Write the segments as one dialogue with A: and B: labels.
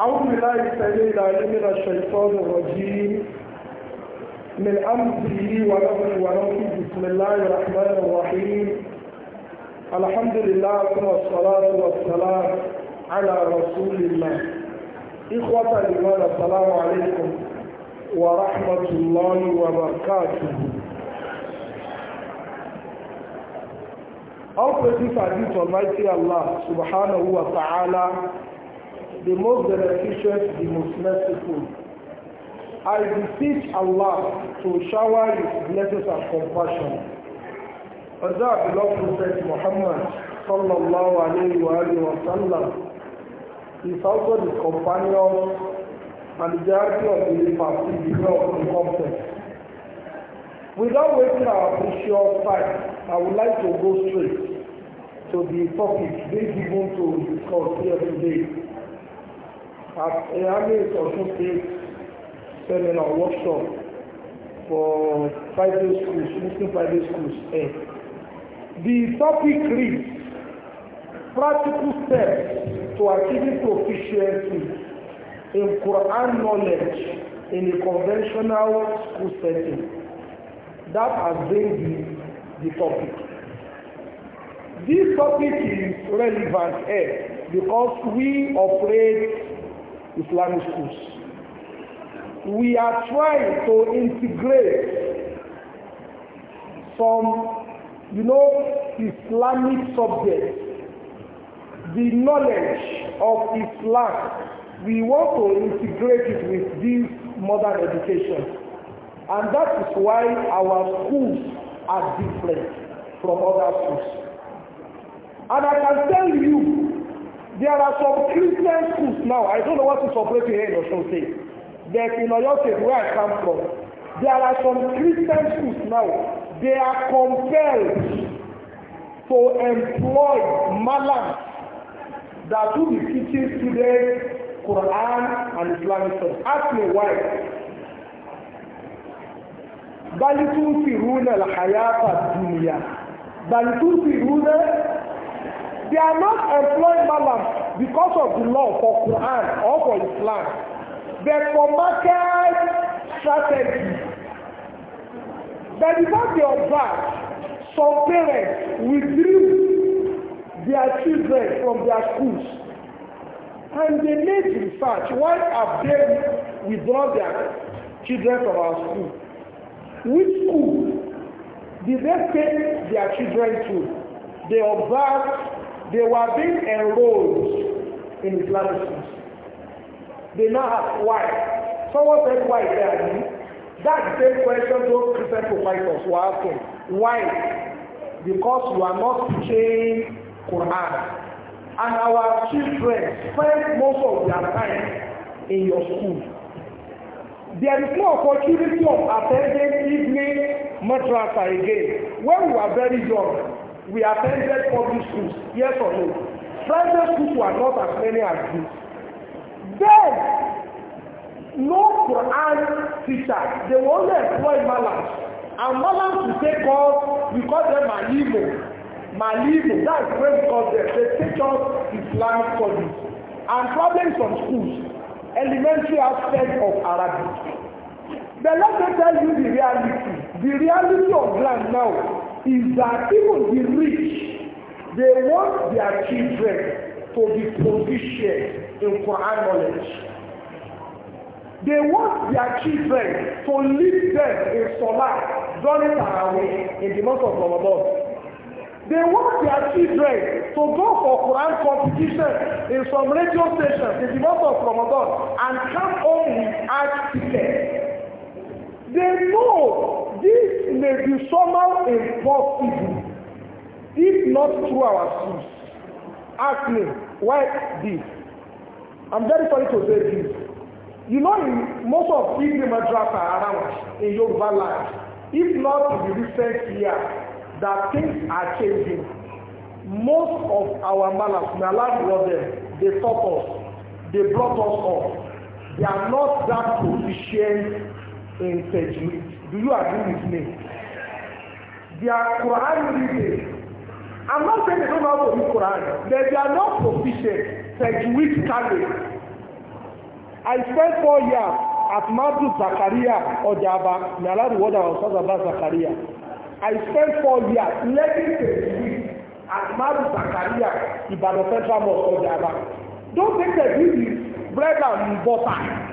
A: أعوذ بالله السميع العليم من الشيطان الرجيم من أمره ونفسه ونفسه بسم الله الرحمن الرحيم الحمد لله ثم الصلاة والسلام على رسول الله إخوة الإيمان السلام عليكم ورحمة الله وبركاته أو praises are due to Almighty Allah subhanahu wa the most beneficent, the most merciful. I beseech Allah to shower His blessings and compassion. On that Prophet Muhammad sallallahu alayhi wa alayhi wa sallam is also the companion and the director of the party because of the context. Without wasting our precious time, I would like to go straight to the topic being given to discuss here today at Eami also State seminar workshop for private schools, Muslim private schools. Eh. The topic reads practical steps to achieving proficiency in Quran knowledge in a conventional school setting. That has been the, the topic. This topic is relevant eh, because we operate Islamic schools. We are trying to integrate some, you know, Islamic subjects, the knowledge of Islam. We want to integrate it with this modern education. And that is why our schools are different from other schools. And I can tell you There are some Christian schools now. I don't know what to operating here in Osun State. But in Oyo State, where I come from, there are some Christian schools now. They are compelled to employ malams that do the teaching students Quran and Islamic studies. Ask me why. بل تؤثرون الحياة الدنيا بل تؤثرون They are not employing Malam because of the law for Quran or for Islam. But for market strategy. But because they observe, some parents withdrew their children from their schools. And they made research. Why have they withdrawn their children from our school? Which school did they take their children to? They observed They were being enrolled in Islamism. They now ask why. Someone said why there. That same question those Christian providers were asking. Why? Because you are not teaching Quran. And our children spend most of their time in your school. There is no opportunity of attending evening madrasa again. When we were very young, we attended public schools, yes or no? Private schools were not as many as this. Then, no Quran teacher, they only employed malams. And malams to take us, we call them Malimu. Malimu, that's where we call them. They teach us Islamic studies. And probably some schools, elementary aspect of Arabic. But let me tell you the reality. The reality of land now is that even the rich, they want their children to be proficient in Quran knowledge. They want their children to lead them in Salah during Tarawih in the month of Ramadan. They want their children to go for Quran competition in some radio stations in the month of Ramadan and come home with art tickets. They know this may be somehow impossible if not through our sins. Ask me, why this? I'm very sorry to say this. You know, in most of Igbo drafts are around in Yoruba land. If not in the recent year, that things are changing. Most of our manners, my last brother, they taught us. They brought us up. They are not that proficient in Tajweed. Do you agree with me? Their Quran reading. I'm not saying they don't know how to read Quran. They, they are not proficient Tajweed
B: talent.
A: I spent four years at Madu Zakaria Ojaba. May Allah reward our sons about Zakaria. I spent four years learning Tajweed at Madu Zakaria Ibadan Central Mosque Ojaba. Don't think the is bread and butter.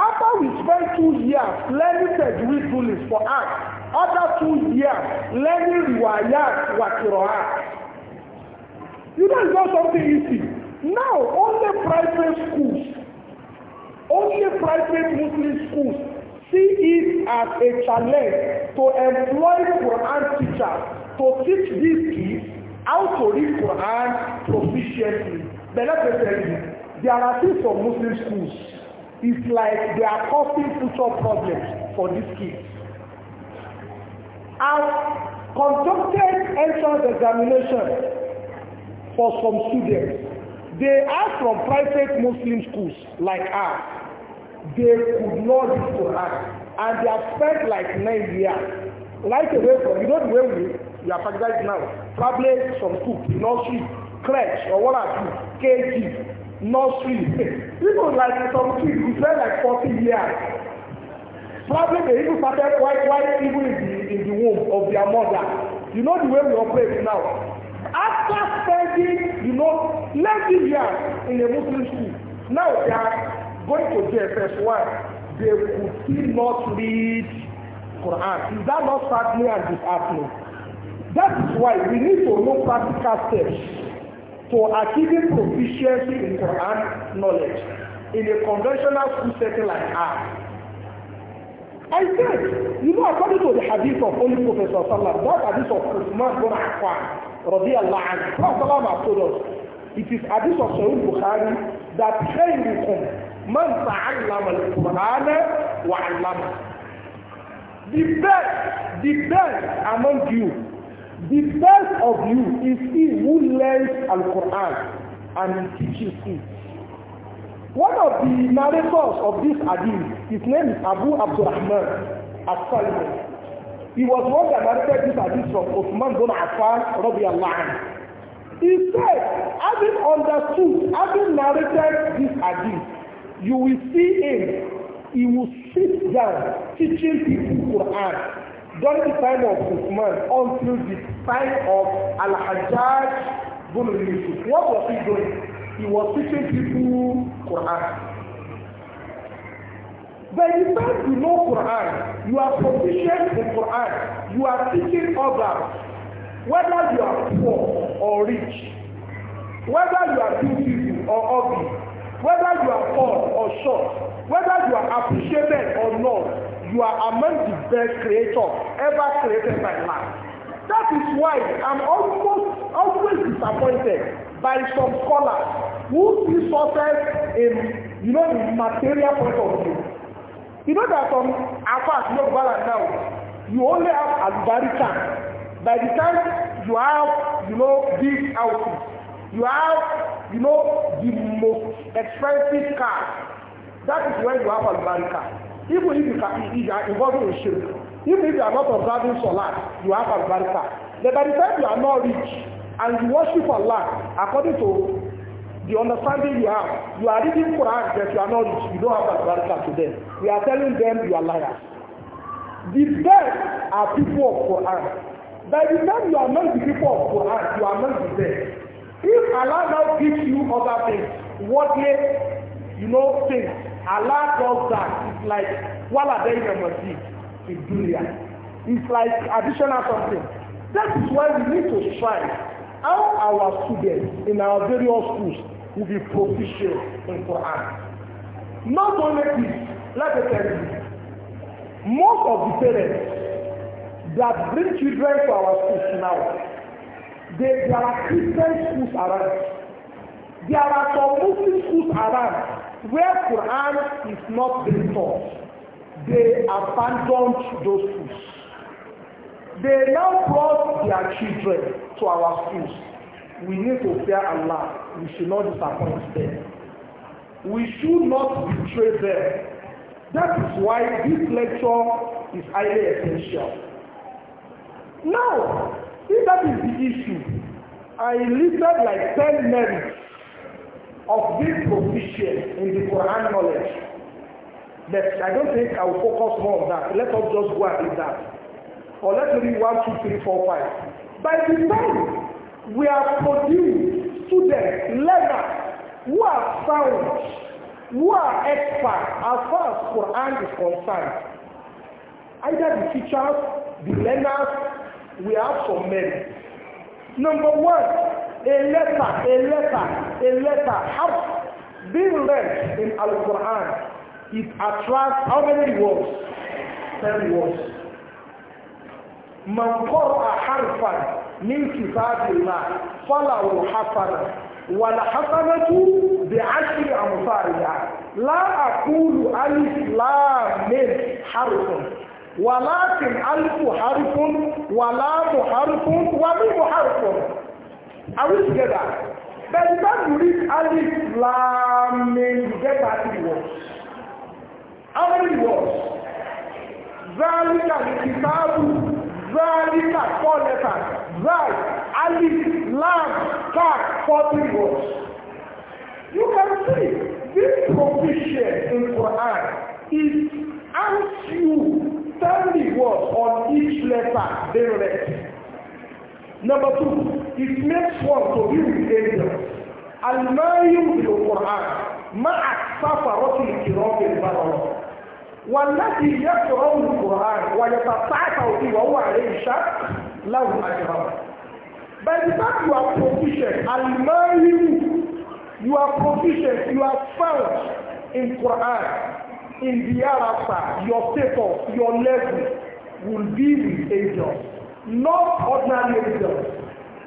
A: After we spend two years learning tajweed rulings for us, other two years learning riwayat wa qiraat. You know it's not something easy. Now only private schools, only private Muslim schools see it as a challenge to employ Quran teachers to teach these kids how to read Quran proficiently. But let me tell you, there are things for Muslim schools. It's like they are causing future problems for these kids. I conducted entrance examination for some students. They are from private Muslim schools like us. They could not read Quran and they have spent like nine years right away from you know the way we we are practicing now probably some school nursery crèche or what have you kg nursery. People like some kids who spend like 40 years. Probably they even started quite quite even in the, in the womb of their mother. You know the way we operate now. After spending, you know, 90 years in a Muslim school, now they are going to JFS. Why? They could still not read Quran. Is that not saddening and disheartening? That is why we need to know practical steps. For achieving proficiency in Quran knowledge in a conventional school setting like ours.
B: I said,
A: you know, according to the hadith of Holy Professor Salam, that hadith of Uthman bin Affan, radiallahu anhu, Prophet Salam has told us, it is hadith of Sahih Bukhari that khairukum man ta'allama al-Quran wa 'allama. The best, the best among you The best of you is he who learns Al-Quran and teaches it. One of the narrators of this hadith, his name is Abu Abdurrahman As-Salman. He was one that narrated this hadith from Osman bin Affan radiallahu anhu. He said, having understood, having narrated this hadith, you will see him, he will sit down teaching people Quran during the time of Usman until the time of Al-Hajjaj bin Yusuf what was he doing he was teaching people Quran When you time you know Quran you are proficient in Quran you are teaching others whether you are poor or rich whether you are beautiful or ugly whether you are tall or short whether you are appreciated or not You are among the best creators ever created by man. That is why I'm almost always disappointed by some scholars who see success in you know the material point of view. You know that some apart no balance now, you only have a very albarica. By the time you have you know big houses, you have you know the most expensive car. That is when you have a albarica. Even if you, are involved in shirk, even if you are not observing Salah, you have al-barakah. But by the time you are not rich and you worship Allah according to the understanding you have, you are reading Quran that you are not rich, you don't have al-barakah to them. We are telling them you are liars. The best are people of Quran. By the time you are not the people of Quran, you are not the best. If Allah now gives you other things, worldly you know things. A lot of that. is like wala day to do? dunya. It's like additional something. That is why we need to strive how our students in our various schools will be proficient in Quran. Not only this, let me tell you, most of the parents that bring children to our schools now, they, there are Christian schools around. There are some Muslim schools around where Quran is not being taught, they abandoned those schools. They now brought their children to our schools. We need to fear Allah. We should not disappoint them. We should not betray them. That is why this lecture is highly essential. Now, if that is the issue, I listed like ten merits of being proficient in the Quran knowledge. But I don't think I will focus more on that. Let us just go and read that. Or let's read 1, 2, 3, 4, 5. By the time we are produced students, learners, who are sound, who are experts as far as Quran is concerned, either the teachers, the learners, we have some merit. Number one, a letter, a letter, a letter, how being read in Al-Quran, it attracts how many words?
B: Ten words.
A: من قرأ حرفا من كتاب الله فله حسنة والحسنة بعشر أمثالها لا أقول ألف لام حرف ولكن ألف حرف ولام حرف وميم حرف Are we together? But the time you read Ali Lam you get back to the words. How many words? Zalika ni kitabu, Zalika four letters, Zal, Ali Lam, Ka, four three words. You can see this provision in Quran is as you tell me what on each letter they read. Number two, it makes one to be with angels. Al-Mayu bil-Qur'an ma'a safarati al-kiram al-barara. والذي يقرأ القرآن ويتطاعته وهو عليه شك له أجران. By the time you are proficient, Al-Mayu, you are proficient, you are found in Quran, in the hereafter, your status, your level will be with angels not ordinary angels.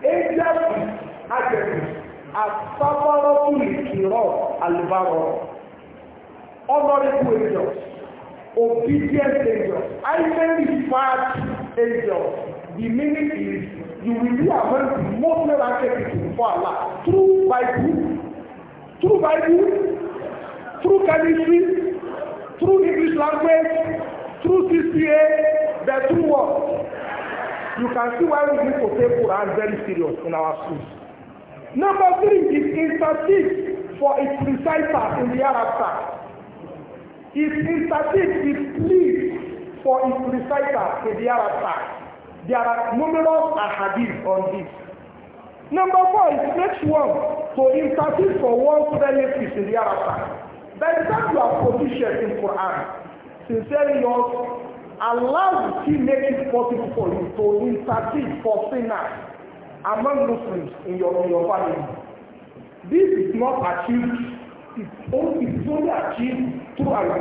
A: Angels with attributes as favorable ìkìrọ̀ àlùbárọ̀. Honorable angels, obedient angels, I highly referred angels. The meaning is you will be among the most miracle people for Allah through true by Bible, true chemistry, true English language, through CCA, the two words. You can see why we need people take Quran very serious in our schools. Number three is intercede for its reciter in the hereafter. If intercedes, it pleads for its reciter in the hereafter. There are numerous ahadith on this. Number four is next one to intercede for one's relatives in the hereafter. By the time you are positioned in Quran, sincerely yours, Allows still make it possible for you to intercede for sinners among Muslims in your in your family. This is not achieved. It's only, it's only achieved through al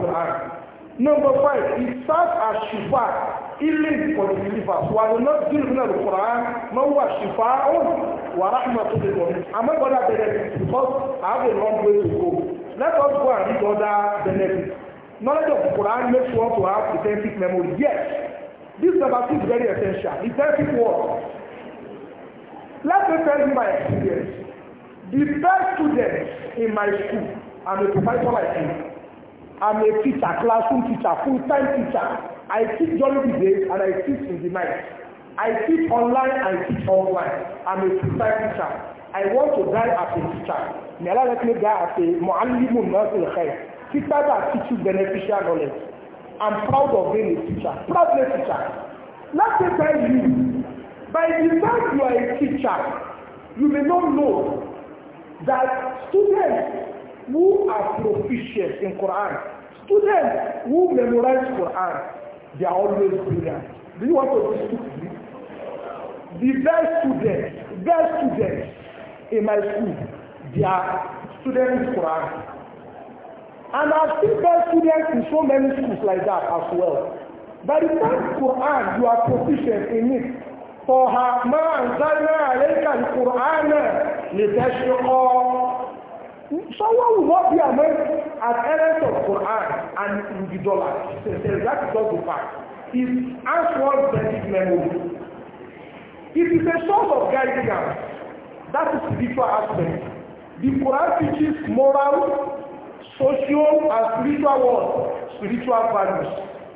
A: Number five, it serves as shifa, healing for the believers. We are not dealing with the Quran, no what shifa on, wa rahmatul lil mu'minin. I'm not going to benefit because I have a long way to go. Let us go and read other benefits knowledge of the Quran makes one to have authentic memory. Yes, this number two is very essential. Authentic word. Let me tell you my experience. The best student in my school, I'm a professor like you. I'm a teacher, classroom teacher, full-time teacher. I teach during the day and I teach in the night. I teach online and teach online. I'm a full-time teacher. I want to die as a teacher. May Allah let me die as a mu'allimun nasil khair. Teachers teach you beneficial knowledge. I'm proud of being a teacher. Proudly teacher. Let me tell you, by the time you are a teacher, you may not know that students who are proficient in Quran, students who memorize Quran, they are always brilliant. Do you want to be stupid? The best students, best students in my school, they are students in Quran. And I've seen best students in so many schools like that as well. By the time Quran, you are proficient in it. For her, man, anzalna alayka al-Quran litashqa. Someone will not be amazed at elements of Quran and individualized. That is not the fact. It has one basic memory. It is a source of guidance. That is spiritual aspect. The Quran teaches moral social and spiritual world, spiritual values.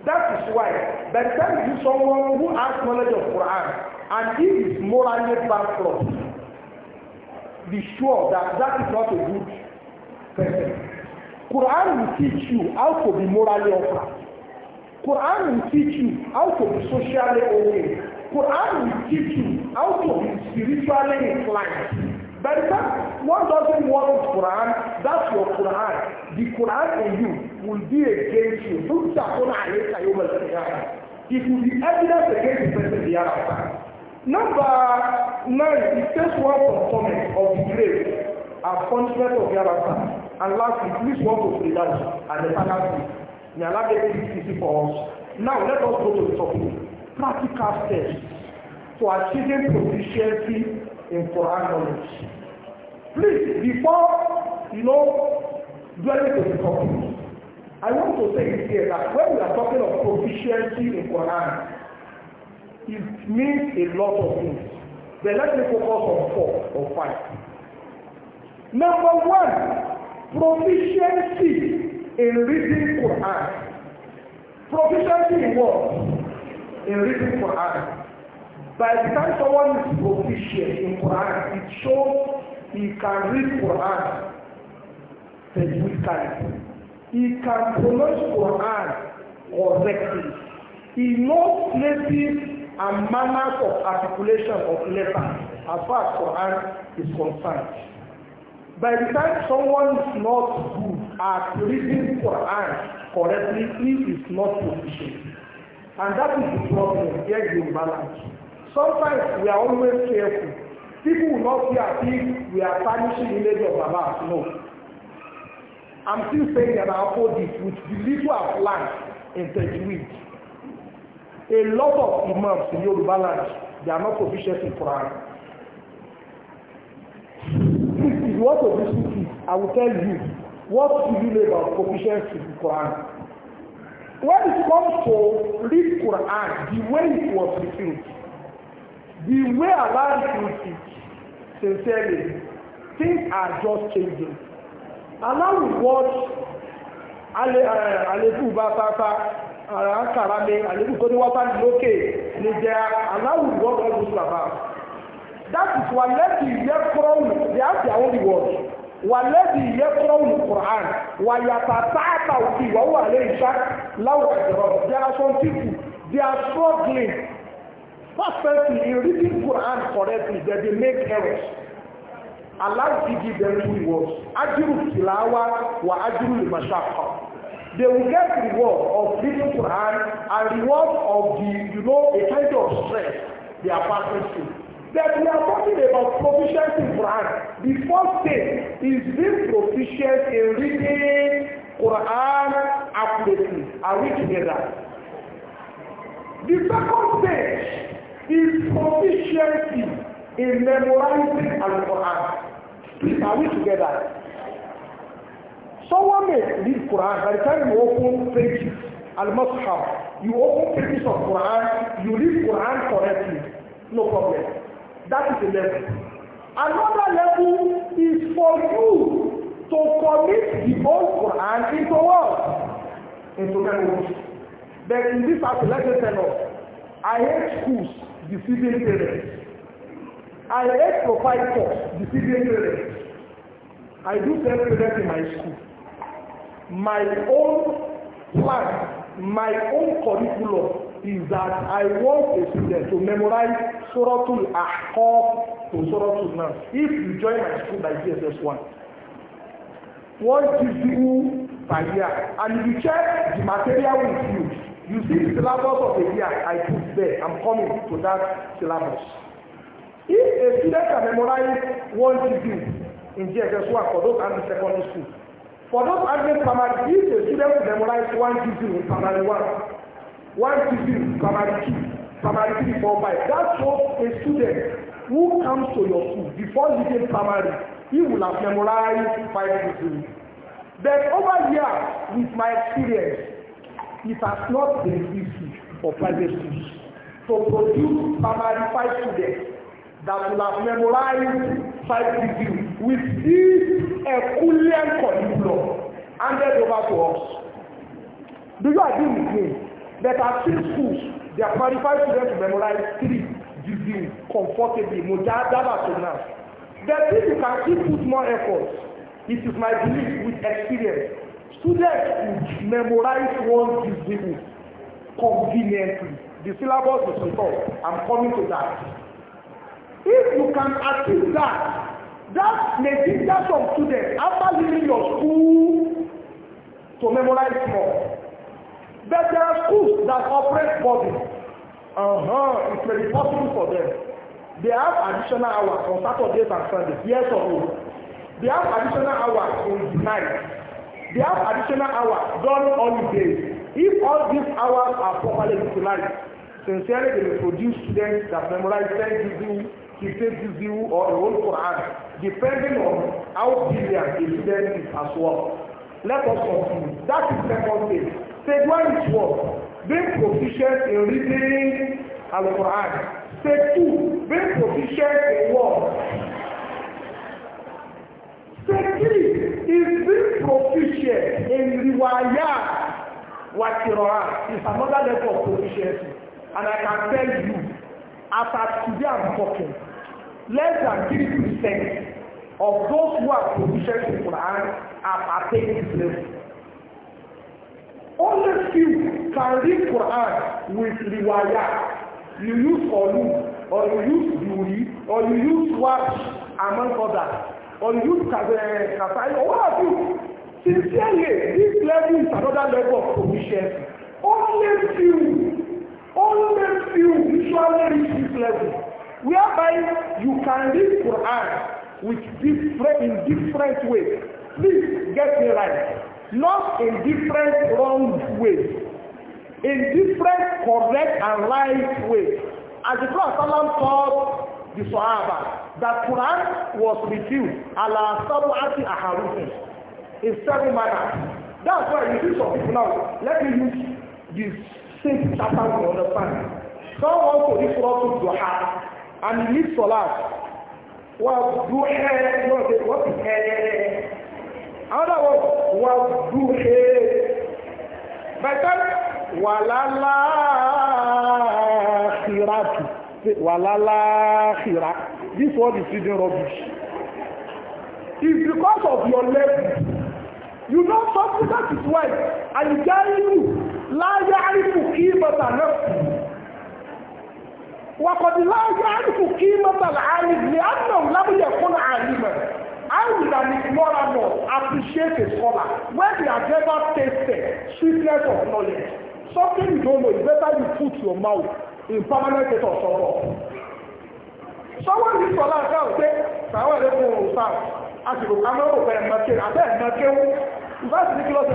A: That is why by the time you someone who has knowledge of Quran and he is morally bankrupt, be sure that that is not a good person. Quran will teach you how to be morally upright. Quran will teach you how to be socially aware. one doesn't want Quran, that's your Quran. The Quran in you will be against you. It will be evidence against the person the other hereafter. Number nine, it says one component of the grave and punishment of the other hereafter. And lastly, please want to say that and the penalty. May Allah make it easy for us. Now let us go to the topic. Practical steps to achieving proficiency in Quran knowledge. Please, before, you know, dwelling to the topic, I want to say it here that when we are talking of proficiency in Quran, it means a lot of things. But let me focus on four or five. Number one, proficiency in reading Quran. Proficiency in what? In reading Quran. By the time someone is proficient in Quran, it shows He can read Quran, tajweed time. He can pronounce Quran correctly. He knows places and manners of articulation of letters
B: as
A: far as Quran is concerned. By the time someone is not good at reading Quran correctly, he is not proficient. And that is the problem, here the imbalance. Sometimes we are always careful People will not hear as if we are punishing the lady of Baba. No.
B: I'm still saying
A: that I uphold this with the little I've learned in 30 weeks. A lot of imams in Yoruba land, they are not proficient in Quran. If you want to visit it, I will tell you, what do you know about proficiency in Quran? When it comes to read Quran, the way it was revealed, the way Allah revealed it, sincerely, things are just changing. And now we watch Aleku Batata, Arakarame, Aleku Kodiwata Loke, Nigeria, and now we all those about. That is Waleti Yekron, they have their own word. Waleti Yekron Quran, Wayatata Uti, Wawa Leisha, Laura There are some people, they are struggling Firstly, in reading Quran correctly, that they make errors. Allah will give them two rewards. Ajiru tilawa wa ajiru limashaka. They will get reward of reading Quran and reward of the, you know, a kind of stress they are passing through. That we are talking about proficiency in Quran. The first thing is being proficient in reading Quran accurately. Are we together? The second stage is proficiency in memorizing Al-Quran. are we together? Someone may read Quran, by the time you open pages, Al-Mus'haf, you open pages of Quran, you read Quran correctly, no problem. That is a level. Another level is for you to commit the whole Quran into what? Into memory. Then in this house, let me tell us, I hate schools deceiving parents. I help provide for deceiving parents. I do self parents in my school. My own plan, my own curriculum is that I want a student to memorize Suratul Ahqaf to Suratul Nas. If you join my school by GSS 1, what you do by year, and you check the material with you, You see the syllabus of the year I put there. I'm coming to that syllabus. If a student can memorize one degree in JSS1 for those and secondary school, for those admin primary, if a student can memorize one degree in primary one, one degree in primary two, primary three, four, five, that shows a student who comes to your school before leaving primary, he will have memorized five degrees. But over here, with my experience, it has not been easy for private schools to produce primary five students that will have memorized five degrees with this herculean curriculum handed over to us. Do you agree with me There are six schools they are qualified students to memorize three degrees comfortably, mujadaba to now? The thing you can still put more effort, it is my belief with experience Students should memorize one discipline conveniently. The syllabus is resolved. I'm coming to that. If you can achieve that, that may hinder some students after leaving your school to memorize more. But there are schools that operate bodies. Uh-huh, it may be possible for them. They have additional hours on Saturdays and Sundays, yes or no. They have additional hours in the night They have additional hours done the holidays. If all these hours are properly utilized, sincerely they will produce students that memorize 10 Juzu, 15 Juzu, or the whole Quran, depending on how brilliant the student is as well. Let us continue. That is second thing. Stage one is what? Being proficient in reading Al-Quran. Stage two, being proficient in what? Secondly, is being proficient in riwayat wa qira'at is another level of proficiency. And I can tell you, as at today I'm talking, less than 3% of those who are proficient in Quran have
B: attained this level.
A: Only few can read Quran with riwayat. You use Olu, or you use Duri, or you use Wash, among others. Or you as a Kasai, or what have you. Sincerely, this level is another level of commission. Only few, only few usually reach this level, whereby you can read Quran with different, in different ways. Please get me right. Not in different wrong ways. In different correct and right ways. As the Prophet taught the Sahaba that Quran was revealed ala sabu'ati aharufin in seven manners. That's why you see some people now. Let me use the same chapter to understand. Some want to read Surah to Duha and he needs Salat. Well, Duha, you know, what is Duha? Another one, well, Duha. By the time, Walala Khiratu say wàlálàáhìrá this word is reading rubbish it's because of your level you know something that is why àyíkáyìrù láyé àríkù kí bàtà náà wàkọ̀dì láyé àríkù kí bàtà láàrín ní àná lábúyẹ̀ fún àárín mẹ́rin How will an ignoramus appreciate a scholar when they have never tasted sweetness of knowledge? Something you don't know, it's better you put your mouth in permanent state of support. someone ní ẹ̀rẹ́ fún òun sáà àsìkò amẹ́wò pẹ̀lú ẹ̀mọ́kẹ́ àbẹ́ ẹ̀mọ́kẹ́ wú
B: ìfásitì ní òun náà sì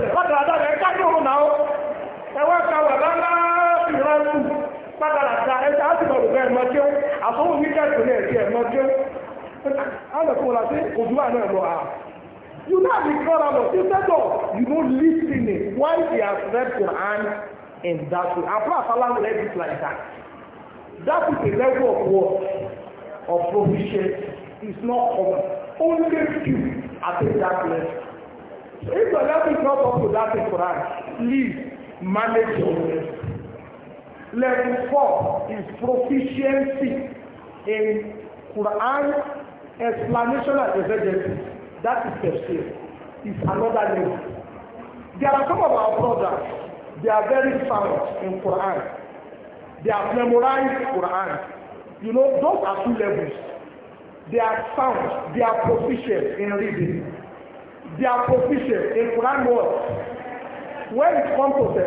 B: ní ẹ̀jẹ̀ lọ
A: à You know the Quran, why they have read Quran in that way. And perhaps Allah will let it like that. That is a level of work, of provision, is not common. Only few attain that level. So if your level is not up to that in Quran, please manage your level. Level four is proficiency in Quran explanation and exegesis. That is tafsir. It's another level. There are some of our brothers, they are very sound in Quran. They have memorized Quran. You know, those are two levels. They are sound. They are proficient in reading. They are proficient in Quran words. When it comes to the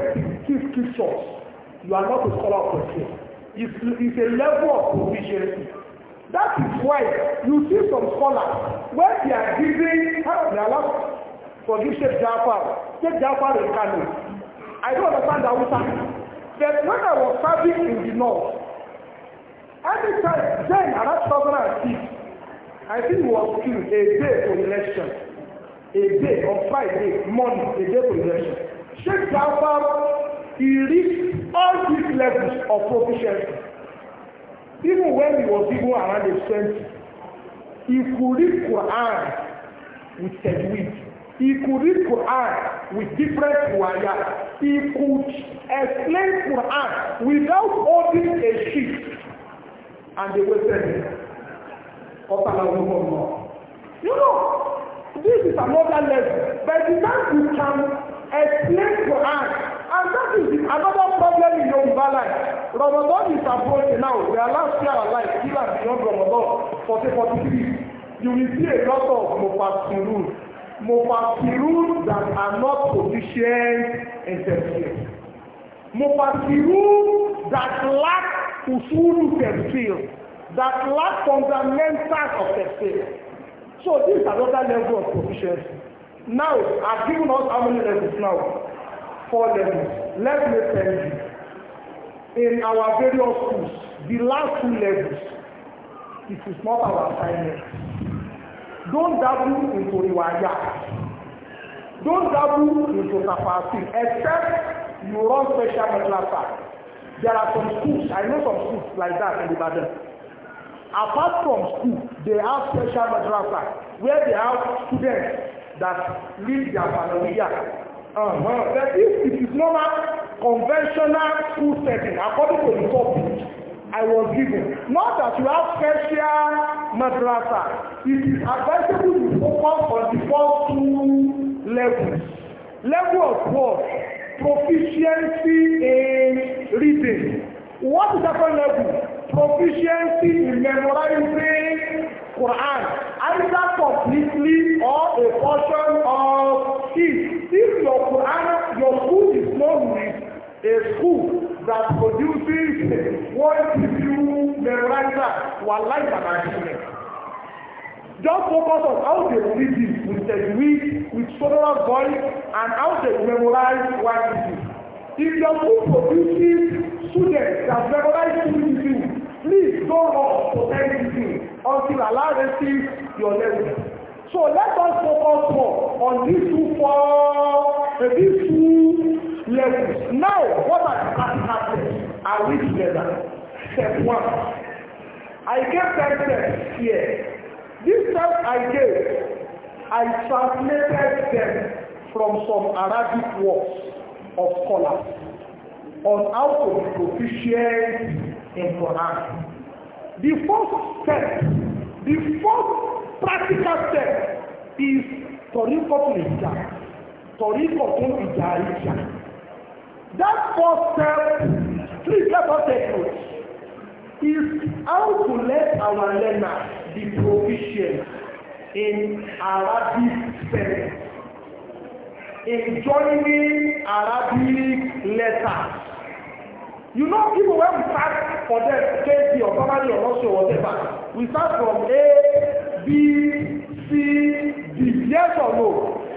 A: scriptures, you are not a scholar of the faith. It's, it's a level of proficiency. That is why you see some scholars, when they are giving, they are not forgive Sheikh Jafar. Sheikh Jafar is canon. I don't understand the Hausa that when I was serving in the north, every time then around
B: 2006,
A: I think it was killed a day for election, a day on Friday morning, a day for election. Sheikh Jafar, he reached all these levels of proficiency. Even when he was even around the 20, he could read Quran with Tajweed. He could read Quran with different wayas. He could explain Quran without holding a sheet. And they wasted him.
B: You
A: know, this is another lesson. By the time you can explain Quran, and that is another problem in your life. Ramadan is approaching now. We are last year alive, still and beyond Ramadan, forty 40, three You will see a lot of rules. Mufasirun that are not positioned in tafsir. Mufasirun that lack usulu tafsir, that lack fundamentals of tafsir. So this is another level of proficiency. Now, I've given us how many levels now? Four levels. Let me tell you. In our various schools, the last two levels, it is not our assignment. Don't dabble into riwayah. Don't dabble into tafsir except you run special madrasa. There are some schools, I know some schools like that in Ibadan. Apart from school, they have special madrasa where they have students that live their family uh-huh. But if it is normal conventional school setting according to the topic I was given. Not that you have special madrasa. It is advisable to focus on the first two levels. Level of what? Proficiency in reading. What is the second level? Proficiency in memorizing Quran. Either completely or a portion of it. If your Quran, your school is not with a school that produces what if you memorizer were life and achievement. Just focus on how they read it with the read with sonorous voice and how they memorize what it is. If your school produces students that memorize two things, please don't rush to anything until Allah receives your level. So let us focus more on these two four, these two levels. Now, what has happened? Are we together? Step one. I gave 10 steps here. This step I gave, I translated them from some Arabic words of scholars on how to be proficient in Quran. The first step, the first practical step is Torikotul Ija. Torikotul Ija Ija. That first step, please let us take note, is how to let our learner be proficient in Arabic spelling, in joining Arabic letters. You know, even when we start for them, KC or family or not sure whatever, we start from A, B, C, D. Yes or no?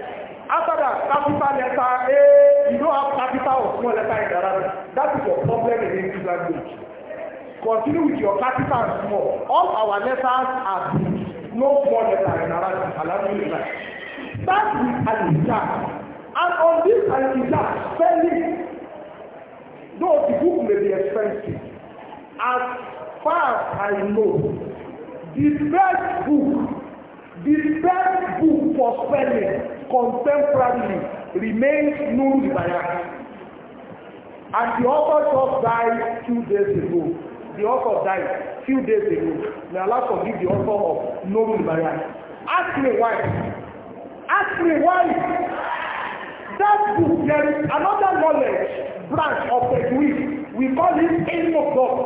A: After that, capital letter A you don't have capital or small letter in Arabic, that is your problem in English language. Continue with your capital and small. All our letters are big. No small letter in Arabic. Alhamdulillah. Start with Al-Hijab. And on this Al-Hijab, spelling, though the book may be expensive, as far as I know, the best book, the best book for spelling contemporarily remains by us, And the author just died two days ago. The author died few days ago. May Allah forgive the author of by us. Ask me why. Ask me why. That book, there is another knowledge branch of the Jewish. We call it Ilm of God.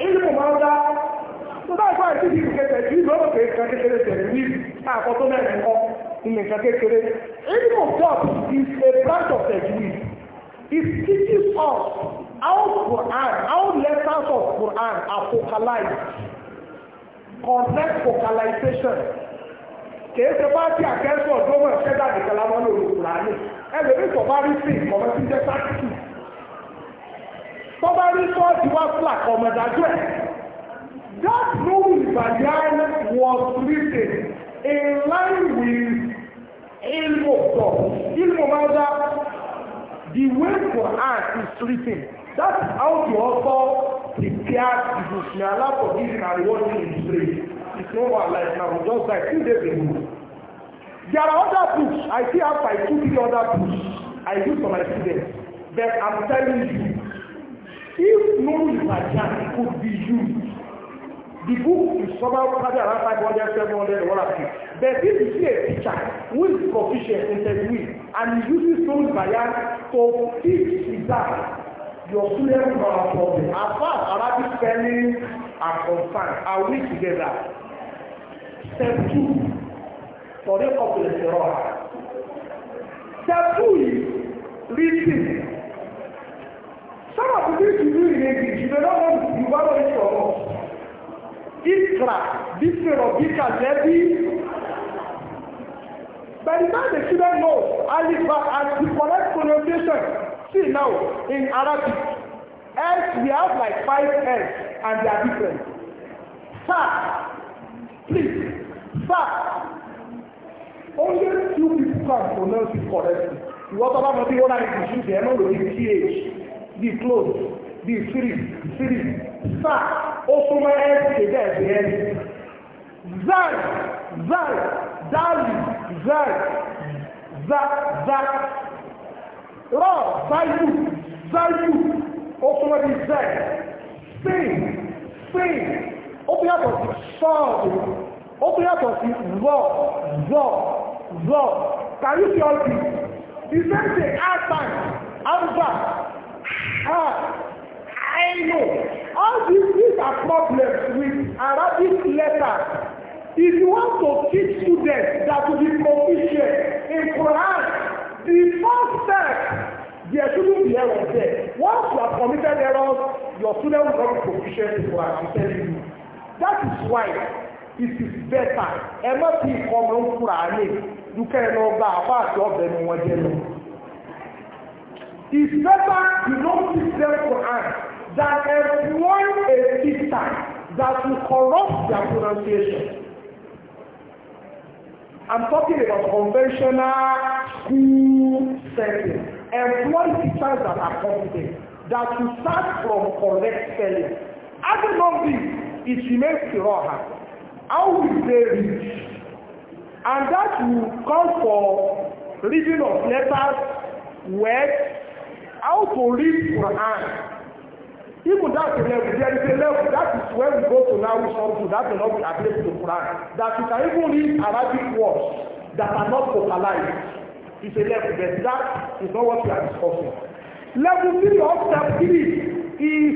A: Ilm of Allah. So that's why I think you get a Jewish, not a Jewish, not a Jewish, not a Jewish, nǹkan kékeré any of God is a branch of the Tajweed it teaches us how Quran how letters of Quran are focalized correct focalization kìí ṣe bá ti àkẹ́sọ̀ ọ̀dọ́mọ̀ ẹ̀ṣẹ́ jáde kẹlámọ́ ní olùkùnrin àná ẹlòmíì tó bá rí sí ìkọ̀mọ́ tí ń jẹ́ sáàkì tó bá rí sọ́ọ̀tì wá fúlà kọ̀mọ̀ dájú ẹ̀ that rule Ibadan was written in line with ilmu God. Ilmu Mada, the way for Quran is written, that's how the author prepare the book. May Allah forgive this and reward him in his grave. It's no one like now, just like two days ago. There are other books. I see how I took the other books I use for my students. But I'm telling you, if no it could be used The book is somehow probably around 500, 700, all of it. But if you see a teacher who is proficient in Telugu and he uses those bayan to teach that your students will have a problem. As far as Arabic spelling are concerned, are we together? Step two, for the popular Step two is reading. Some of the things you do in English, you may not want to, you want to ìkra bí fèrò bí kàlẹ́bí. By the time the children know Alibaba and the correct pronunciation, see now in Arabic, S we have like five S and they are different. Sir,
B: please,
A: sir, only two people can pronounce it correctly. Ìwọ́n tó bá mọ̀ sí one nine two ṣe ẹ̀ náà lórí the close the three three sir ó súnmọ́ ẹ́ẹ̀sì bẹ́ẹ̀ sí ẹ́ẹ̀sì zan zan dali zan za za rọ zayu zayu ó súnmọ́ bí zan sin sin ó bí yàtọ̀ sí sọ́ọ̀dù ó bí yàtọ̀ sí zọ zọ zọ can you see all this the same thing hard I know. All these, these are problems with Arabic letters. If you want to teach students that to be proficient in Quran, the first step, there shouldn't be error there. Once you have committed errors, your student will not be proficient in Quran, I'm telling you. That is why it is better. Ẹ má fi ọmọ ń fura ní dúkẹ́ ẹ lọ bá àbá àti ọbẹ̀ ni It's better you don't teach them Quran that employ a system that will corrupt their pronunciation. I'm talking about conventional school setting. Employ teachers that are competent, that will start from correct spelling. As a this, it remains Kiroha. How will they reach? And that will call for reading of letters, words, how to read Quran, Even that level, there is a level that is where we go to now something that the Lord will address the Quran. That you can even read Arabic words that are not vocalized. It's a level, but that is not what we are discussing. Level three of step three is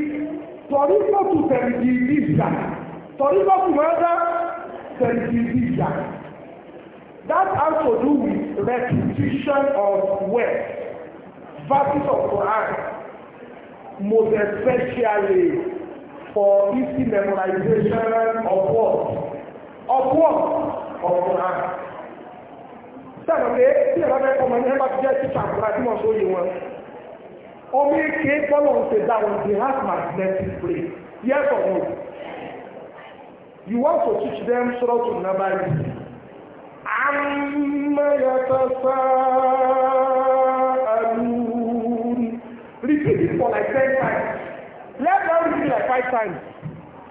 A: Toriko to Terijidija. Toriko to whether Terijidija. That has to do with restitution of wealth, verses of Quran most especially for easy memorization of what? Of what? Of Quran. Sẹ́nu pé tí ẹ̀rọ bẹ́ẹ̀ kọ́mọ ní ẹ̀rọ jẹ́ títà àkùrá tí mo sọ yìí wọn. Omi èké bọ́lọ̀ ń ṣe dáhùn they have magnetic brain. Yes or no? You want to teach them Surah to Nabali. Amma yatasaa. five times.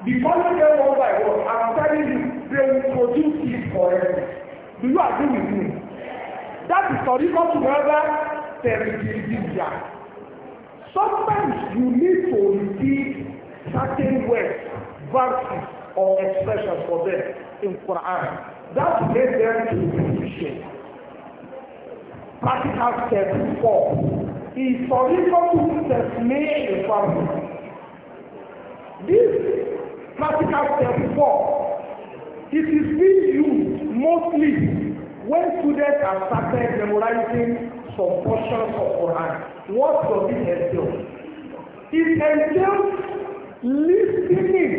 A: The following day one by one, I'm telling you, they will produce it forever. Do you agree with me? That is the reason to whether there is division. Sometimes you need to repeat certain words, verses, or expressions for them in Quran. That makes them to appreciate. Practical step four is for you to test me in family. This practical step four, it is being used mostly when students have started memorizing some portions of Quran. What does it entail? It entails listening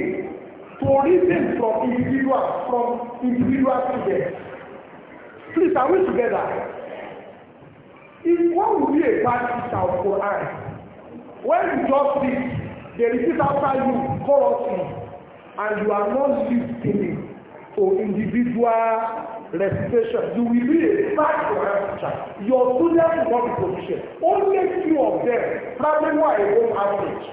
A: to reason from individual from individual students. Please, are we together? If one will be a bad teacher of Quran, when you just read There is it after you call corruption and you are not listening. in individual reputation. You will be a bad corruption. Your students will not be positioned. Only few of them traveling are a home average.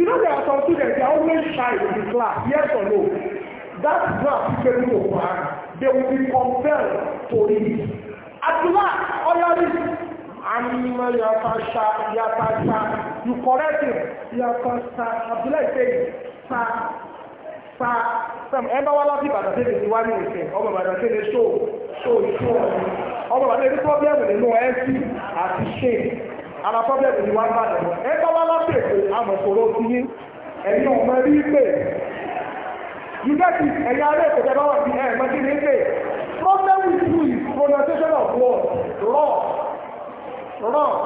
A: You know there are some students, they are always shy in the class, yes or no. That class graph people will they will be compelled to read. At last, all your amma yatasha yatasha you correct him yatasha Abdullahi say sa sa sam ẹ bá wá láti Ìbàdàn sí èdè ìwádìí òsè ọmọ Ìbàdàn sí èdè ṣó ṣó ṣó ọmọ Ìbàdàn èdè pọ́blẹ́mù nínú ẹ́sì àti ṣe ara pọ́blẹ́mù ní wàá Ìbàdàn ẹ bá wá láti èkó amọ̀sọ̀rọ̀ sí yín ẹ̀yin ọmọ rí pé yúgẹ́tì ẹ̀yà alẹ́ kò tẹ́ bá wà sí ẹ̀ mọ́tí ní pé problem with you is pronunciation of word law wrong.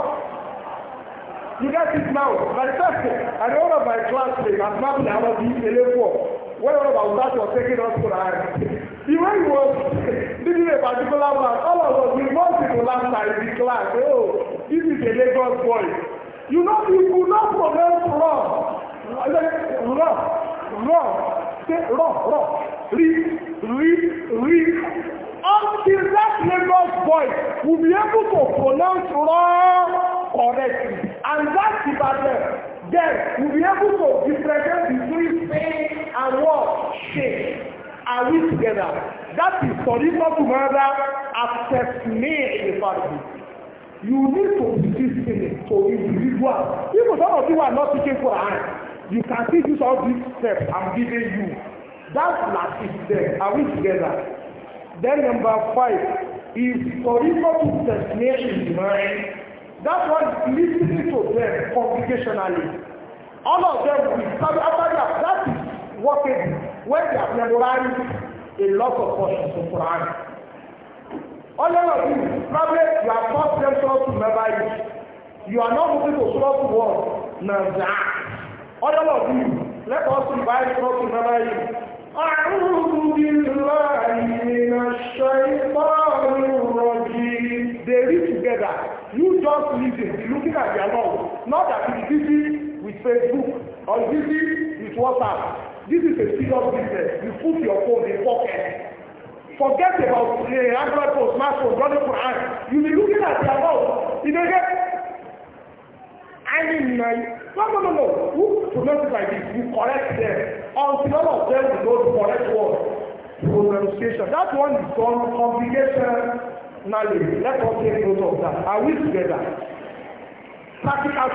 A: You get it now. Manifesting. And all of my classmates have not been able to eat a for. Whatever about that was taking us for our The way he was leading a particular man, all of us, we want people last time in the class. Oh, this is a Lagos boy. You know, he could not pronounce wrong. Wrong. Wrong. Say wrong, wrong. Read, read, read until that Lagos voice will be able to pronounce wrong correctly. And that Ibadan then will be able to differentiate between pain and what? Shame. Are we together? That is for Accept me in the Department. You need to be listening to individual. Even some of you are not teaching for hand. You can see this all these steps I'm giving you. That's not it there. Are we together? Then number five is Torikotu Tesnation Mind. That one listening to them congregationally. All of them will start after that. That is working when they are memorizing a lot of portions of Quran. All of you, probably you are not themselves to memorize. You are not moving to Surah to work. Now All of you, let us revise how to memorize أعوذ بالله من الشيطان الرجيم. They read together. You just listen, looking at their law. Not that it's busy with Facebook or busy with WhatsApp. This is a serious business. You put your phone in pocket. Forget about uh, Android phone, smartphone, running Quran. You be looking at their law. You know that? I mean, no, no, no, no. Who pronounces like this? You correct them until all of them will know the correct word for pronunciation. That one is called complication knowledge. Let us take note of that. Are we together? Practical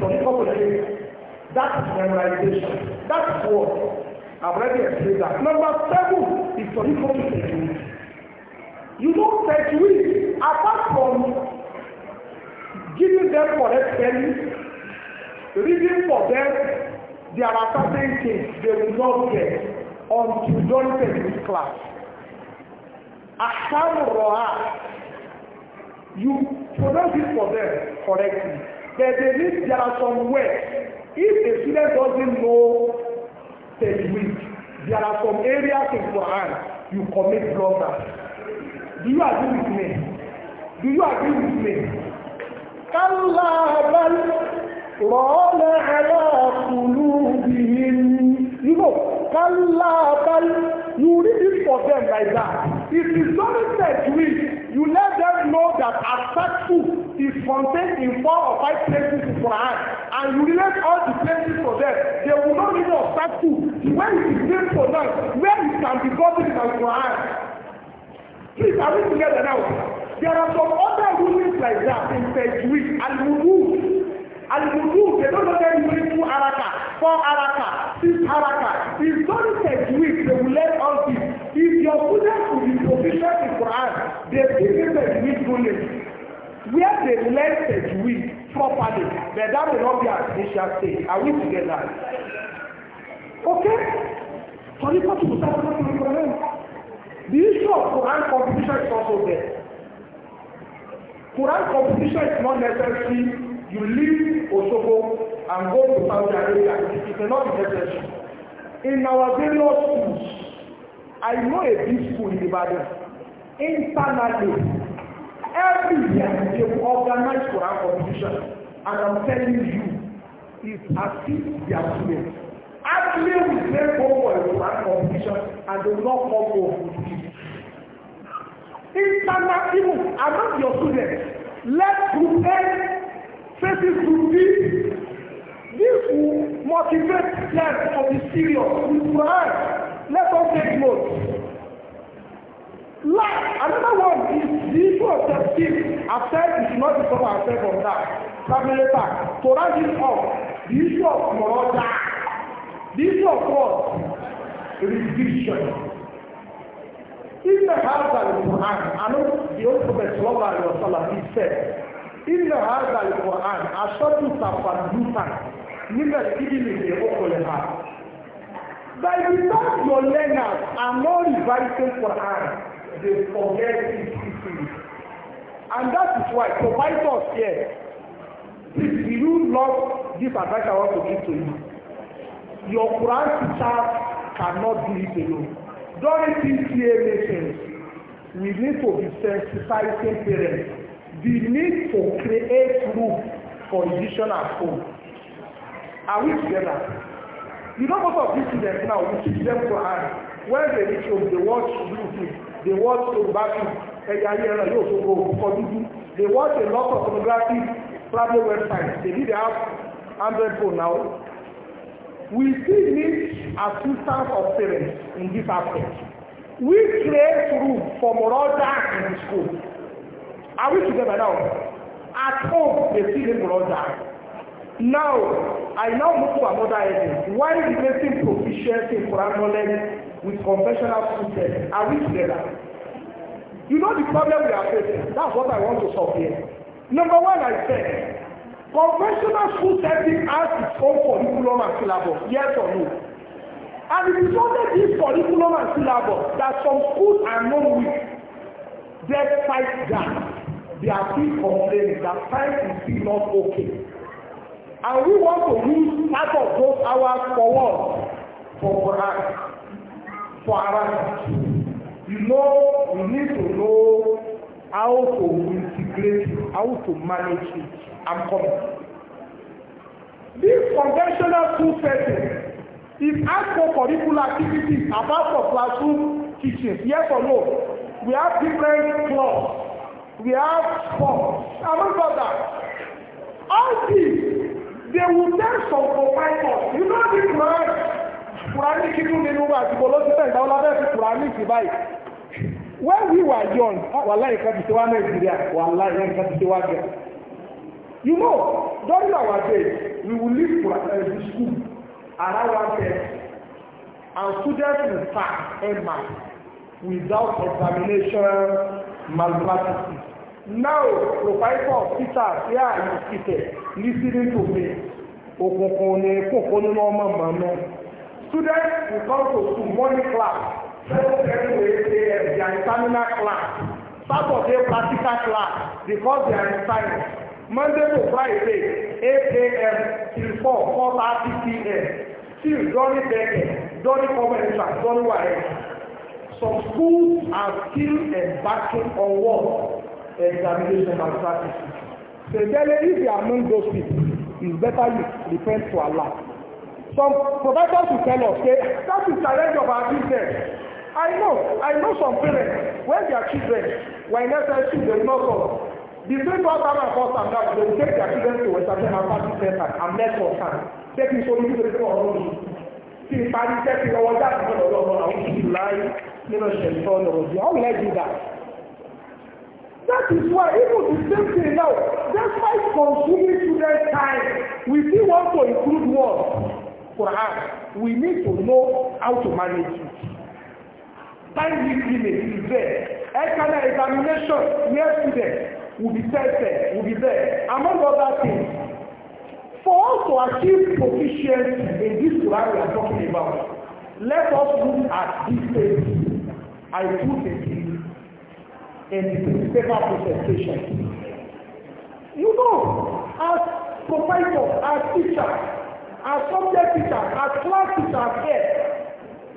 A: for the complication. That is memorization. That is what I've already explained that. Number seven is political technique. You know, take it apart from giving them correct spelling, reading for them, There are certain things they will not get until you take this class. Ahkam Roha, you pronounce it for them correctly. But they need, there are some words. If a student doesn't know Tajweed, there are some areas in Quran you commit blunders. Do you agree with me? Do you agree with me? Kalla bal ران على قلوبهم You know, Kalla, you read it for them like that. If the something we, you let them know that Asatsu is contained in four or five places in Quran, and you relate all the places for them. They will not need Asatsu. Where it is named for them, where it can be gotten in Quran. Please, are we together now? There are some other rulings like that in Tajweed and Wudu alùpùpù ìdọ́dọ́dọ́ ìwé fún araka fọ́ araka sí araka is very textbook they will learn all this if your students to be proficient in Quran they give them textbook knowledge where they learn textbook properly but that will not be an initial stage are we together okay torí kọ́tù to sábà kọ́tù kò sábà the issue of Quran competition is also there Quran competition is not necessary you leave Osogbo and go to Saudi Arabia. It's a not exception. In our various schools, I know a big school in Ibadan. Internally, every year they will organize Quran competition. And I'm telling you, it's as if they are students. Actually, we play home for a Quran competition and they will not come
B: home with it.
A: Internally, even among your students, let's prepare faith should be this will motivate them to be serious with Quran let us take note last another one is the issue of self-esteem I said we should not be discover ourselves on that travel later to round it up the issue of moral the issue of what revision in the house of Quran I know the old prophet sallallahu alaihi wasallam he said inna hadha al-Qur'an ashaddu tafaddutan nígbà tí ìlú ìdè okòlè ha. By the time your learners are not revising Quran, they forget it easily. And that is why us here, please if you love this advice I want to give to you, your Quran teacher cannot do it alone. During PTA meetings, we need to be sensitizing parents the need to create room for revision at home. Are we together? You know most of these students now, we teach them to hand. When they reach home, they watch YouTube, they watch Tobaku, ẹ̀yà yẹ̀rọ yóò tó go for dúdú. They watch a lot of pornography private websites. They need to have Android phone now. We still need assistance of parents in this aspect. We create room for moral dance in the school. Are we together now? At home, they see him brother. Now, I now look to another area. Why is replacing proficiency in Quran knowledge with conventional skill set? Are we together? You know the problem we are facing. That's what I want to solve here. Number one, I said, conventional school setting has its own curriculum and syllabus, yes or no? And it is only this curriculum and syllabus that some schools are known with. Despite that, They are still complaining that time is still not okay. And we want to use part of those hours for what? For Quran. For Quran. You know, we need to know how to integrate it, how to manage it. I'm coming. This conventional school setting is asked for curricular activities apart from classroom teaching. Yes or no? We have different clubs we have four.
B: Our brother, all these,
A: they will tell some my providers, you know this man, Quranic people nínú wa àti bọ́lọ́sítà ìgbà ọlọ́dẹ fi Quranic báyìí. When we were young, ah, wàhálà ìka ti ṣe wá Nàìjíríà, wàhálà ìka ti ṣe You know, during our day, we will leave Quranic uh, eh, school around one ten and students will start eh, MI without examination malpractice now proprietor peter here is seated listening to me òkùnkùn ní kòkó nínú ọmọ màmá students will come to school morning class seven thirty to eight a.m. they are in terminal class saturday practical class because they are monday to friday eight a.m. till four four thirty p.m. till during break during commercial during wahel some schools are still embarking on war examination and practice. Sincerely, if you are among those people, it's better you repent to Allah. Some providers will tell us, say, that is the range of our business. I know, I know some parents, when their children were in SSC, they will not come. The same first time and first time now, they will take their children to Western and Party Center and mess up time. Take me so you can go on me. Tí ìparí tẹ́sí lọ́wọ́ jáde you lọ́wọ́ àwọn ìṣẹ̀lẹ̀ láyé nínú ìṣẹ̀lẹ̀ tọ́lọ̀ ọ̀dọ̀. How will I do that? That is why even the same thing now, despite consuming children's time, we still want to include one. For us, we need to know how to manage it. Time limit is there. External examination, where students will be tested, will be there, among other things. For us to achieve proficiency in this Quran we are talking about, let us look at this page. I put it in the paper presentation. You know, as professors, as teachers, as subject teachers, as class teachers here,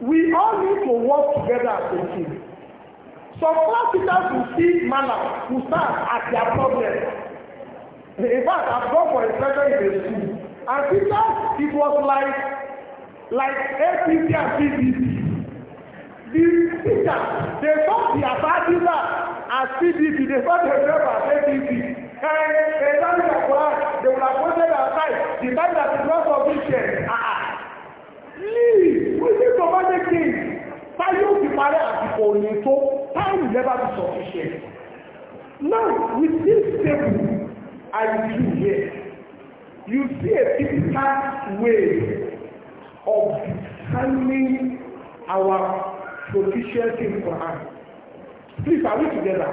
A: we all need to work together as a team. Some class teachers will see manner, will start at their problem. In fact, I've gone for a session in the school. And teachers, it was like, like APC and PVC. The teachers, they don't be about that as PDP, they found themselves as APC. And they found the Quran, they were appointed the time that is not sufficient. Ah, ah. leave, we need to manage things. Táyé ò ti parẹ́ àsìkò òní tó, time never be sufficient. Now, with this table I do here, you see a typical way of
B: determining
A: our thing for us. Please, are we together?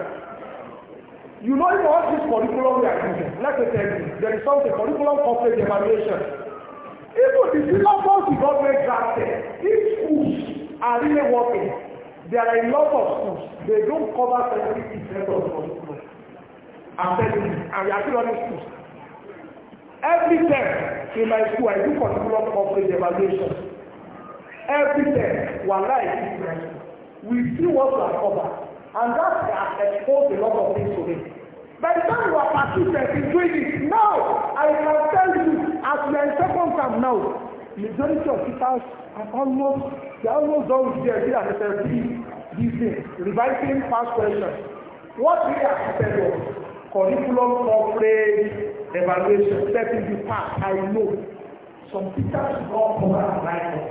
A: You know in all this curriculum we are using, let me tell you, there is something curriculum corporate evaluation. Even the syllabus the government drafted, these schools are really working. There are a lot of schools, they don't cover 70% of the curriculum. And telling and we are still running schools. Every term in my school, I do curriculum corporate evaluation. Every term, we are like, we see what we are covered. And that they have exposed a lot of things to me. By the time you are persistent in doing it, now I can tell you, as we are in second term now, majority of teachers have almost, they almost done with their idea that they these things, revising past questions. What we have said was curriculum corporate evaluation, letting you pass, I know. Some teachers do not cover and write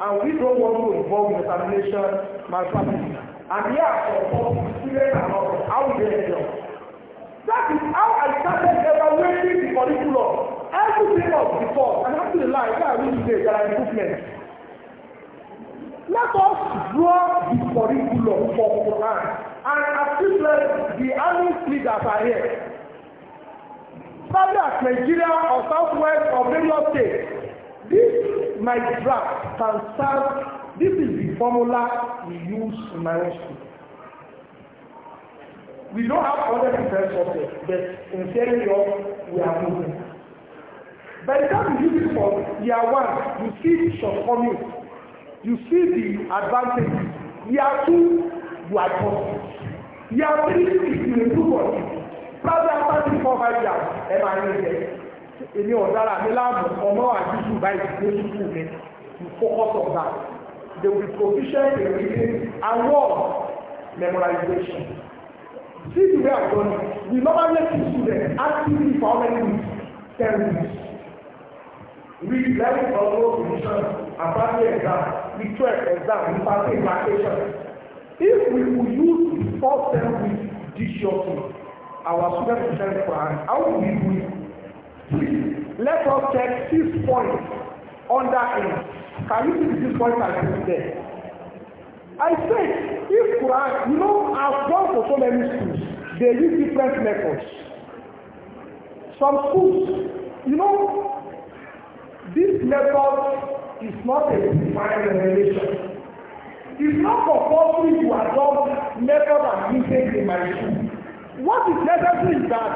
A: And we don't want to involve in the examination malpractice. And àkọ́kọ́ sílẹ̀ àwọn àwùjọ ẹ̀jọ̀. That is how I started evaluating the curriculum. Everything was before and after the line wey I read today there are improvements. Let us draw the curriculum for Quran and assist the army leaders are here. Southern Nigeria or Southwest or various states, this my draft can serve This is the formula we use
B: in my school.
A: We don't have other different subjects, but in theory of we are moving. By the time you use it for year one, you see the shortcomings, you see the advantages. Year two, you are positive. Year three, if you improve on it, probably after three, four, five years, ẹ máa ní ilẹ̀. Èmi ọ̀daràn mi láàmú ọmọ àdúgbò báyìí lóṣù kù mi, you focus on that they will provision a reading and one memorization. See the way I've done it. We normally teach students actively for how many weeks? Ten weeks. Read level of low position and pass the exam. We track exam, we pass the evaluation. If we could use the first ten weeks this year too, our students will send for hand. How will we do it? Please, let us check six points under it. Can you see this point I put there? I said, if Quran, you know, I've gone to so many schools, they use different methods. Some schools, you know, this method is not a divine revelation. It's not compulsory to adopt method and usage in my school. What is necessary is that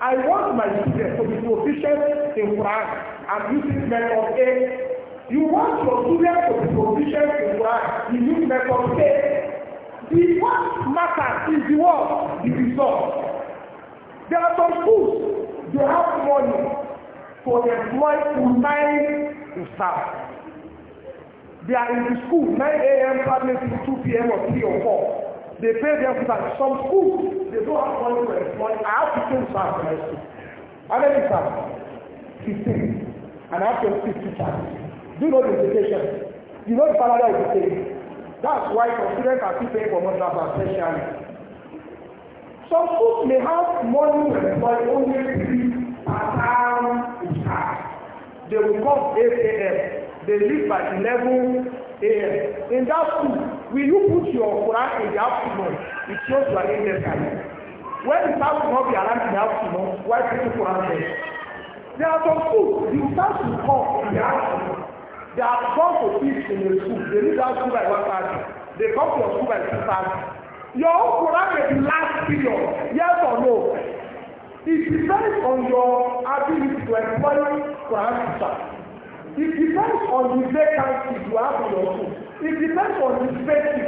A: I want my students to be proficient in Quran and using method A You want your students to be proficient in Quran, the new method say, the what matter is the what? The result. There are some schools, they have money to employ nine to staff. They are in the school, nine a.m., probably to two p.m. or three or four. They pay their staff. Some schools, they don't have money for employ. I have to 15 staff in my school. How many staff? fifteen, And I have to two teachers. Do not know the implication? You know the paradise is That's why some students are still paying for madrasa especially. Some schools may have money but only three per time is high. They will come 8 a.m. They leave by 11 a.m. In that school, will you put your Quran in the afternoon? It shows you are in the When the staff will not be around in the afternoon, why people the Quran there? There are some schools, the staff will come in the afternoon. They are born to teach in a school. They leave that school by one thirty. They come to your school by two thirty. Your own Quran may be last period, yes or no. It depends on your ability to employ Quran teacher. It depends on the vacancies you have your school. It depends on the spaces.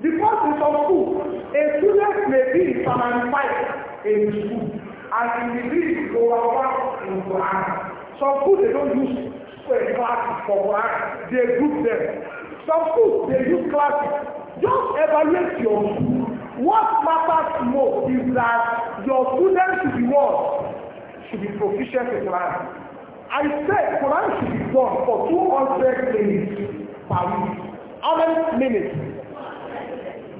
A: Because in some school, a student may be in Saman 5 in school and he will be in Quran. Some school they don't use a class for work, they group them. Some schools, they use classes. Just evaluate your school. What matters most is that your students should be what? Should be proficient in Quran. I said Quran should be done for 200 minutes per week. How many minutes?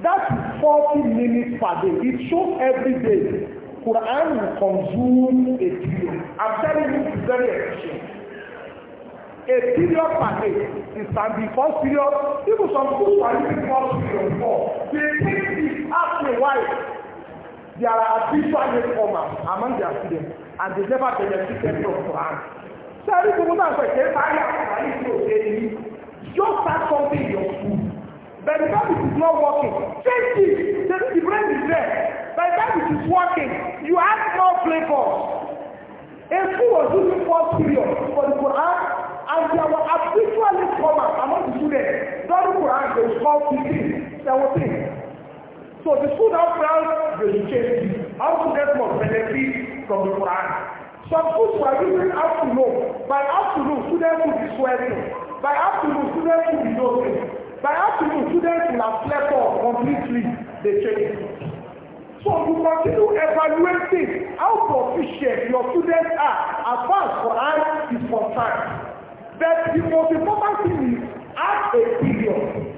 A: That's 40 minutes per day. It shows every day. Quran will consume a deal. I'm telling you, it's very efficient a period per day is can be four period even some schools are using four period four they take this ask me why there are official reformers among their students and they never benefited from Quran so every people now say say buy am buy it no dey need just start something in your school by the time it is not working change it the brain is there by the time it is working you have no flavour A school was using four periods for the Quran, and there were habitually commas among the students. During the Quran, they were call 15, 17. So the school now found the education, how students must benefit from the Quran. Some schools were using afternoon. By afternoon, students would be sweating. By afternoon, students would be dozing. By afternoon, students will have slept off completely. They change. So you continue evaluating how proficient your students are as far as Quran is concerned. But the most important thing is add a period.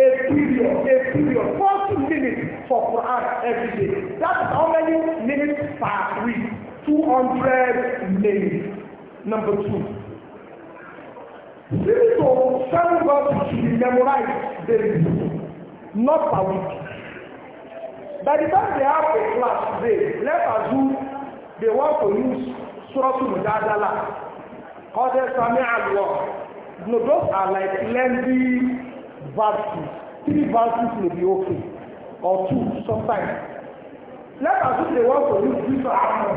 A: A period, a period, 40 minutes for Quran every day. That's how many minutes per week? 200 minutes. Number two. Since to send God to be memorized daily, not per week. By the time they have a class today, us assume they want to use Surah Mujadala. Qadar Sami Allah. No, those are like lengthy verses. Three verses may be okay. Or two, sometimes. Let us assume they want to use this Ahmad.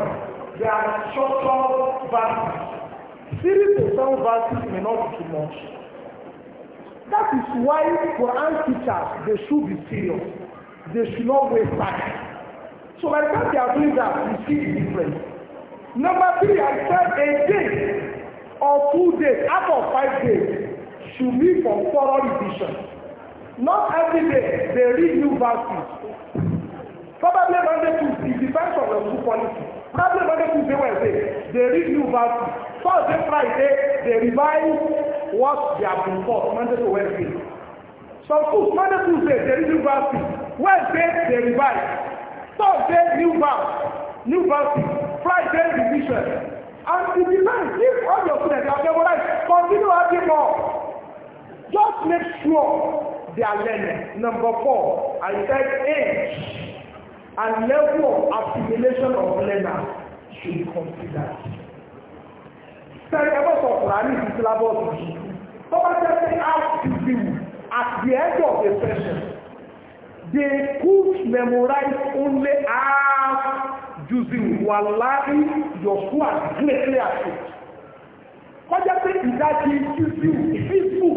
A: They are shorter verses. Three to some verses may not be too much. That is why Quran teachers, they should be serious they should not waste time. So by the time they are doing that, you see the difference. Number three, I said a day or two days out of five days should be for thorough revision. Not every day they read new verses. Probably Monday, to it depends on the school policy. Probably Monday, Tuesday, Wednesday, they read new verses. Thursday, Friday, they revise what they have been taught Monday to Wednesday. Some schools, Monday, to Tuesday, they read new verses. Wednesday they revise, Thursday new vows, new vows, Friday revision. And the depends if all your students are memorized, continue adding more. Just make sure they are learning. Number four, I said age and level of accumulation of learners should be considered. Sẹ́yìn ẹgbẹ́ sọ̀tùrà ní ìsìlábọ̀ọ̀sì yìí, tó bá jẹ́ pé a at the end of the session, they could memorize only half using wallahi your school has greatly achieved. kọjá pé ìdájí fífú fífú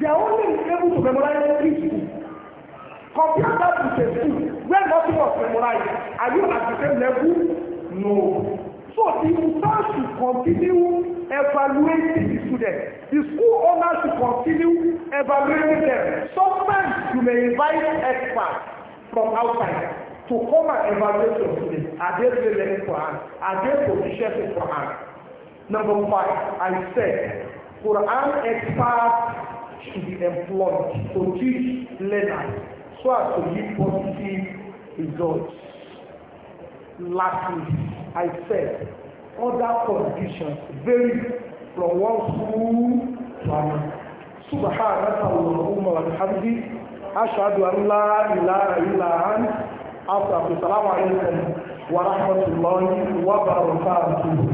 A: they are only able to memorize fífú compare that to the school where nothing was memorized are you at the same level? no. So the owner should continue evaluating the students. The school owner should continue evaluating them. Sometimes you may invite experts from outside to come and evaluate your students. Are they really learning Quran? Are they proficient for Quran? Number five, I said, for Quran experts should be employed to teach learners so as to give positive results lastly, I said, other conditions vary from one school to another. سبحانك اللهم وبحمدك أشهد أن لا إله إلا أنت أستغفرك السلام عليكم ورحمة الله وبركاته